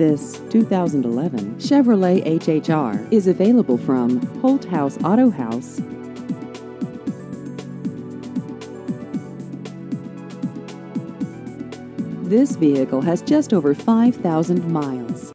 This 2011 Chevrolet HHR is available from Holt House Auto House. This vehicle has just over 5,000 miles.